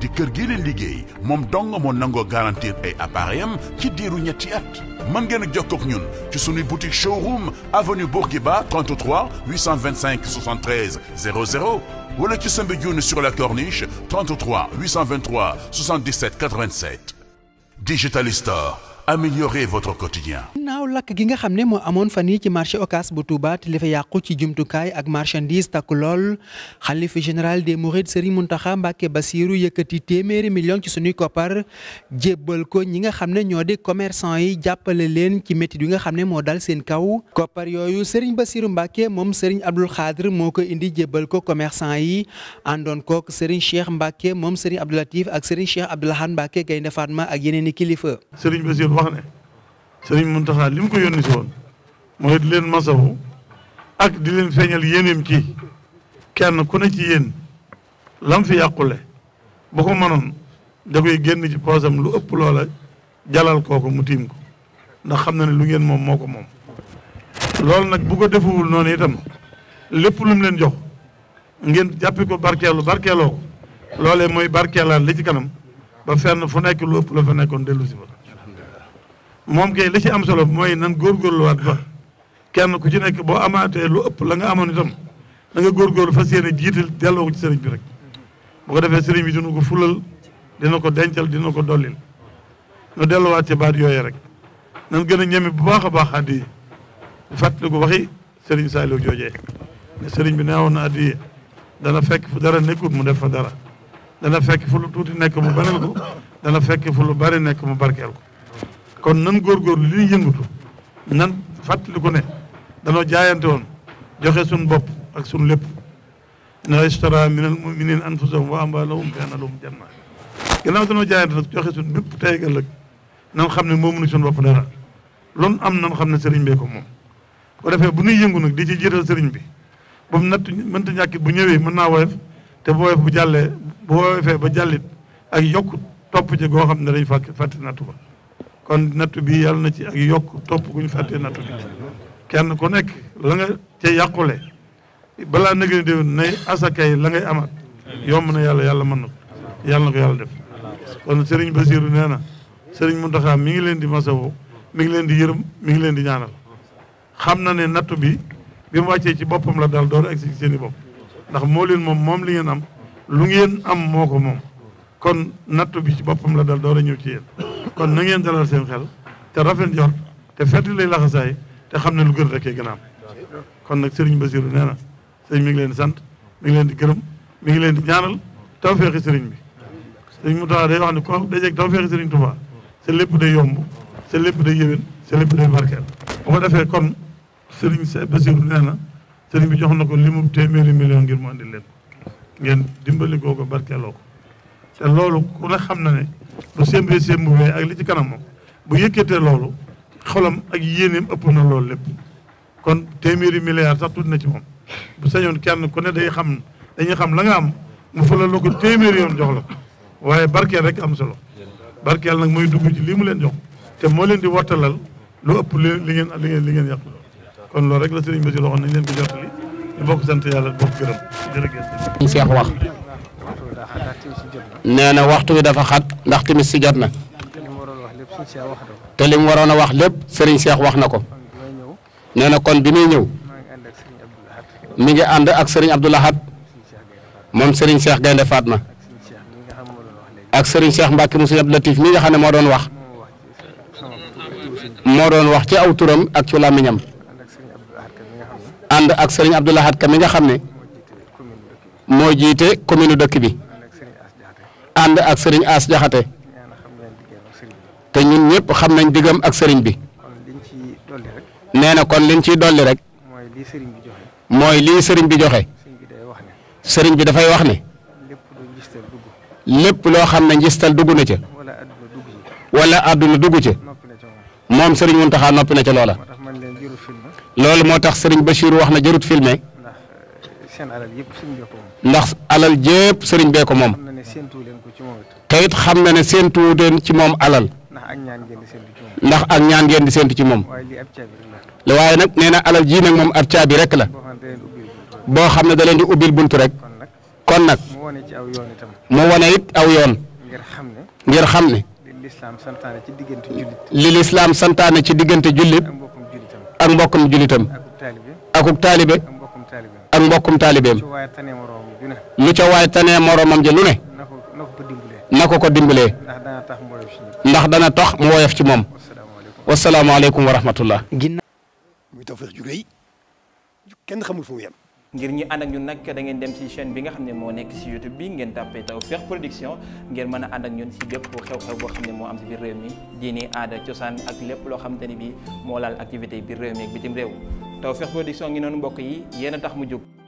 di kër gi leen liggéey moom dong moo nangoo garantir ay appareil am ci diiru ñetti at mën ngeen a jokkoo ak ñun ci suñuy boutique showroom avenue Bourguiba 33 825 73 00 wala ci Soumbédioune sur la corniche 33 823 77 87 Digital Store améliorer votre quotidien. naaw lakk gi nga xam ne moo amoon fa yii ci marché Ocass bu Touba te li fa yàqu ci jumtukaay ak marchandise takk lool xalifa général des Mourides Serigne Mountakha Mbacké Bassirou yëkkati téeméeri million ci sunuy koppar jébbal ko ñi nga xam ne ñoo di commerçant yi jàppale leen ci métit yi nga xam ne moo dal seen kaw. koppar yooyu Serigne Bassirou Mbacké moom Serigne Abdoul Khadr moo ko indi jébbal ko commerçant yi àndoon kook Serigne Cheikh Mbacké moom Serigne Abdoulatif ak Serigne Cheikh Abdoulahane Mbacké ak yeneen i kilifa. wax ne sëriñ Muntaxa li mu ko yónni si woon mooy di leen masawu ak di leen feeñal yéeneem ci kenn ku ne ci yéen lam fi yàqule ba ko mënoon da koy génn ci poosam lu ëpp loola jalal kooku mu tiim ko ndax xam na ne lu ngeen moom moo ko moom loolu nag bu ko defuwul noonu itam lépp lum leen jox ngeen jàppi ko barkeelu barkeeloo ko loolee mooy barkeelaat li ci kanam ba fenn fu nekk lu ëpp la fa nekkoon dellu si ba moom kay li ci am solo mooy nan góorgóorluwaat ba kenn ku ci nekk boo amaatee lu ëpp la nga amoon itam da nga góorgóorlu fa yéene jiital delloo ko ci sëriñ bi rek bu ko defee sëriñ bi dina ko fulal dina ko dencal dina ko dollil nu delluwaat ci baat yooyu rek nan gën a ñeme bu baax a baax a addi fàttaliku waxi sëriñ Saliou joojee ne sëriñ bi nee woon na addi dana fekk fu dara nekkut mu def fa dara dana fekk fu lu tuuti nekk mu banal ko dana fekk fu lu bari nekk mu barkeel ko kon nan góor góor li ñuy yëngatu nan ko ne danoo jaayante woon joxe suñu bopp ak suñu lépp na istara minal mu'minin anfusahum wa amwalahum bi anna lahum janna gannaaw danoo jaayante nag joxe suñu bépp tey ak ëllëg nan xam ne moomuñu suñu bopp dara loolu am nan xam ne sëriñ bee ko moom bu defee bu nuy yëngu nag di ci jiital sëriñ bi ba mu natt mënta ñàkkit bu ñëwee mën naa woyof te bu woyof bu jàllee bu woyofee ba jàllit ak yokk topp ci goo xam ne dañ fàkk fàtti nattu ba kon natt bi yàlla na ci ak yokk topp guñu fàttee natt bi kenn ku nekk la nga ca yàqule balaa nag di nay asakay la ngay amaat yomb na yàlla yàlla mën na ko yàlla ko yàlla def kon Serigne Bassirou nee na Serigne Mountakha mi ngi leen di masawo mi ngi leen di yërëm mi ngi leen di ñaanal xam na ne nattu bi bi mu wàccee ci boppam la dal door egsi seen seeni bopp ndax moo leen moom moom li ngeen am lu ngeen am moo ko moom kon natt bi ci boppam la daal door a ñëw ci yéen kon na ngeen dalal seen xel te rafet njort te fetli lay laxasaay te xam ne lu gën rekkee gën a kon nag sëriñ Basiru nee na sëriñ mi ngi leen sant mi ngi leen di gërëm mi ngi leen di ñaanal tawfeexi sëriñ bi sëriñ mu taxaa day wax ne ko dajeeg tawfeexi sëriñ Tuubaa sa lépp day yomb sa lépp day yëwén sa lépp day barkeel bu ko defee kon sëriñ Basiru nee na sëriñ bi jox na ko limu téeméeri million ngir mu leen ngeen dimbali koo ko barkeeloo ko te loolu ku ne xam na ne bu sembe sembe ak li ci kanamam bu yëkkatee loolu xolam ak yéeneem ëpp na loolu lépp kon téeméeri milliards sax tudd na ci moom bu sañoon kenn ku ne day xam dañuy xam la nga am mu fëlal la ko téeméeri yoon jox la ko waaye barkeel rek am solo barkeel nag mooy dugg ci lii mu leen jox te moo leen di wattalal lu ëpp li ngeen li ngeen li ngeen yàq kon loolu rek la sëriñ Basiru waxoon nañ leen ko jottali ñu bokk sant yàlla bokk gërëm jërëjëf. ñu seex wax. nee na waxtu wi dafa xat ndax timis si jot na. te li mu waroon a wax lépp sëriñ seex wax na ko. nee na kon bi muy ñëw. mi ngi ànd ak Serigne Abdou Lahad moom sëriñ seex Gaynde Fatma ak sëriñ seex Mbacke mu Serigne Abdou mi nga xam ne moo doon wax. moo doon wax ci aw turam ak ci làmmiñam ànd ak Serigne Abdou Lahad Ka mi nga xam ne moo jiite commune dëkk bi ànd ak sëriñ As Jaxate te ñun ñëpp xam nañ diggam ak sëriñ bi nee na kon liñ ciy dolli rek mooy lii sëriñ bi joxe sëriñ bi dafay wax ne lépp loo xam ne njistal dugg na ca wala àdduna dugg ca moom sëriñ Muntaxa noppi na ca loola loolu moo tax sëriñ Bachir wax na jërut filmé ndax alal jépp sëriñ bee ko moom. séentu leen ko ci moom te it xam na ne séentu leen ci moom alal. ndax ak ñaan ngeen di séentu ci moom. ndax ak ñaan ngeen di séentu ci moom. waaye lii ab waaye nag nee na alal jii nag moom ab caabi rek la. boo xam ne da leen di ubbil buntu rek. kon nag mu wane ci aw yoon itam. mu wane it aw yoon. ngir xam ne. ngir xam ne. li lislaam santaane ci diggante jullit. li lislaam santaane ci diggante jullit. ak mbokkum jullitam. ak ub taalibe. ak mbokkum taalibeem. lu ca waay tanee moromam ji lu ne. na ko ko dimbalee ndax dana tax mu woyof ci moom wasalaamaaleykum wa rahmatullah. muy Tawfekh ju rëy kenn xamul fu mu yem. ngir ñi ànd ak ñun nag da ngeen dem ci chaine bi nga xam ne moo nekk ci YouTube bi ngeen tàppee Tawfekh Production ngeen mën a ànd ak ñun ci bépp xew-xew boo xam ne moo am ci biir réew mi diini aada cosaan ak lépp loo xamante ni bi moo laal activité biir réew mi ak bitim réew Tawfekh Production ngi noonu mbokk yi yéen a tax mu jóg.